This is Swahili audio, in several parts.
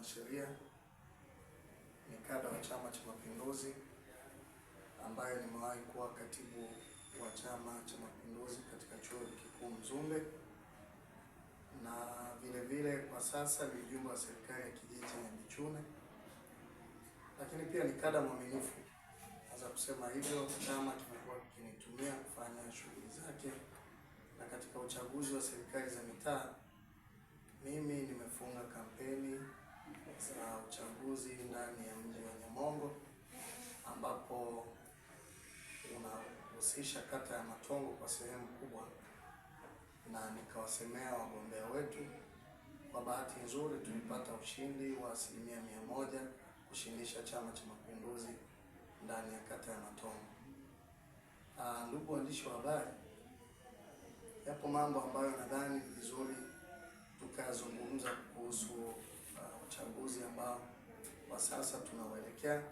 mwanasheria, ni kada wa Chama cha Mapinduzi ambaye nimewahi kuwa katibu wa Chama cha Mapinduzi katika chuo kikuu Mzumbe na vile vile kwa sasa ni mjumbe wa serikali ya kijiji cha Mbichune, lakini pia ni kada mwaminifu. Naweza kusema hivyo, chama kimekuwa kinitumia kufanya shughuli zake, na katika uchaguzi wa serikali za mitaa za uchaguzi ndani ya mji wa Nyamongo ambapo unahusisha kata ya Matongo kwa sehemu kubwa, na nikawasemea wagombea wetu. Kwa bahati nzuri tulipata ushindi wa asilimia mia moja kushindisha Chama cha Mapinduzi ndani ya kata ya Matongo. Ah, ndugu waandishi wa habari, yapo mambo ambayo nadhani vizuri tukazungumza kuhusu uchaguzi ambao kwa sasa tunauelekea,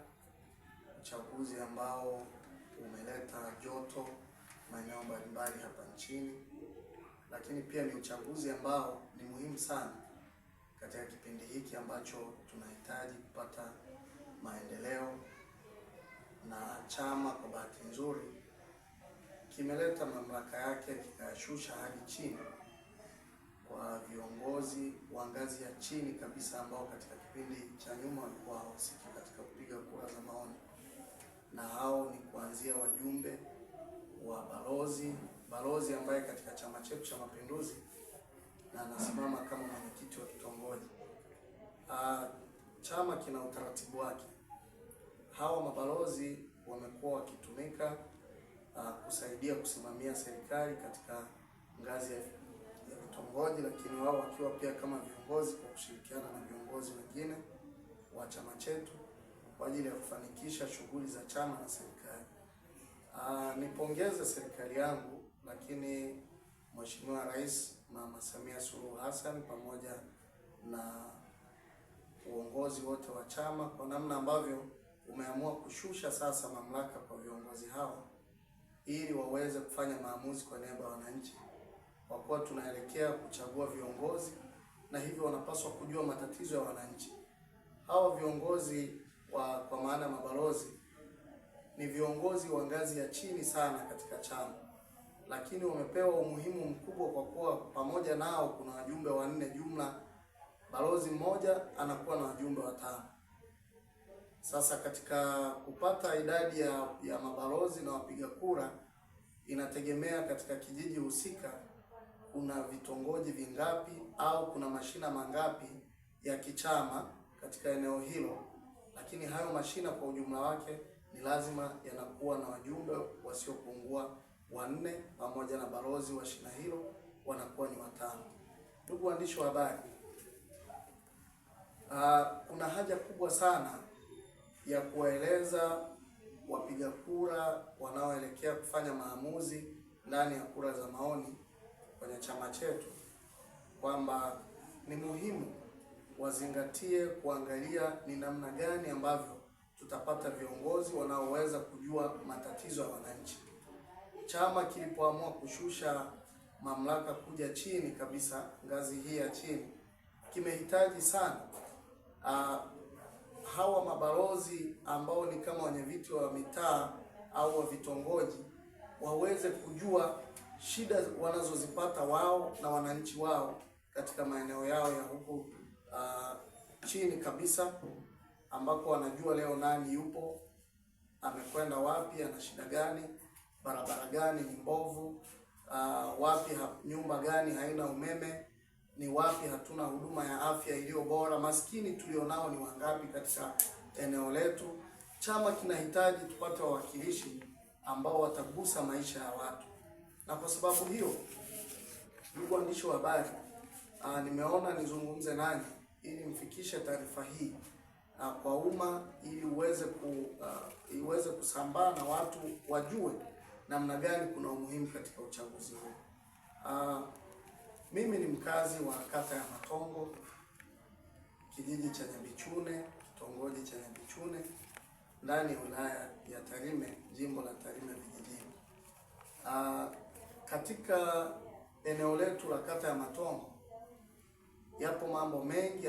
uchaguzi ambao umeleta joto maeneo mbalimbali hapa nchini, lakini pia ni uchaguzi ambao ni muhimu sana katika kipindi hiki ambacho tunahitaji kupata maendeleo, na chama kwa bahati nzuri kimeleta mamlaka yake kikayashusha hadi chini kwa viongozi wa ngazi ya chini kabisa ambao katika kipindi cha nyuma walikuwa hawahusiki katika kupiga kura za maoni, na hao ni kuanzia wajumbe wa balozi, balozi ambaye katika chama chetu cha Mapinduzi na anasimama kama mwenyekiti wa kitongoji. Ah, chama kina utaratibu wake. Hawa mabalozi wamekuwa wakitumika ah, kusaidia kusimamia serikali katika ngazi ya vitongoji, lakini wao wakiwa pia kama viongozi kwa kushirikiana na viongozi wengine wa chama chetu kwa ajili ya kufanikisha shughuli za chama na serikali. Ah, nipongeze serikali yangu, lakini Mheshimiwa Rais Mama Samia Suluhu Hassan pamoja na uongozi wote wa chama kwa namna ambavyo umeamua kushusha sasa mamlaka kwa viongozi hao ili waweze kufanya maamuzi kwa niaba ya wananchi kwa kuwa tunaelekea kuchagua viongozi na hivyo wanapaswa kujua matatizo ya wananchi. Hawa viongozi wa kwa maana ya mabalozi ni viongozi wa ngazi ya chini sana katika chama, lakini wamepewa umuhimu mkubwa kwa kuwa pamoja nao kuna wajumbe wanne jumla. Balozi mmoja anakuwa na wajumbe watano. Sasa katika kupata idadi ya, ya mabalozi na wapiga kura inategemea katika kijiji husika kuna vitongoji vingapi au kuna mashina mangapi ya kichama katika eneo hilo, lakini hayo mashina kwa ujumla wake ni lazima yanakuwa na wajumbe wasiopungua wanne pamoja na balozi wa shina hilo wanakuwa ni watano. Ndugu waandishi wa habari, uh, kuna haja kubwa sana ya kuwaeleza wapiga kura wanaoelekea kufanya maamuzi ndani ya kura za maoni kwenye chama chetu kwamba ni muhimu wazingatie kuangalia ni namna gani ambavyo tutapata viongozi wanaoweza kujua matatizo ya wananchi. Chama kilipoamua kushusha mamlaka kuja chini kabisa, ngazi hii ya chini, kimehitaji sana uh, hawa mabalozi ambao ni kama wenyeviti wa mitaa au wa vitongoji waweze kujua shida wanazozipata wao na wananchi wao katika maeneo yao ya huku uh, chini kabisa ambako wanajua leo nani yupo, amekwenda wapi, ana shida gani, barabara gani ni mbovu, uh, wapi ha, nyumba gani haina umeme, ni wapi hatuna huduma ya afya iliyo bora. Maskini tulionao ni wangapi katika eneo letu? Chama kinahitaji tupate wawakilishi ambao watagusa maisha ya watu. Na kwa sababu hiyo, ndugu waandishi wa habari, ah, nimeona nizungumze nanyi ili mfikishe taarifa hii a, kwa umma ili uweze ku, a, ah, iweze kusambaa na watu wajue namna gani kuna umuhimu katika uchaguzi huu. Ah, mimi ni mkazi wa kata ya Matongo, kijiji cha Nyabichune, kitongoji cha Nyabichune ndani ya wilaya ya Tarime, jimbo la Tarime vijijini katika eneo letu la kata ya Matongo yapo mambo mengi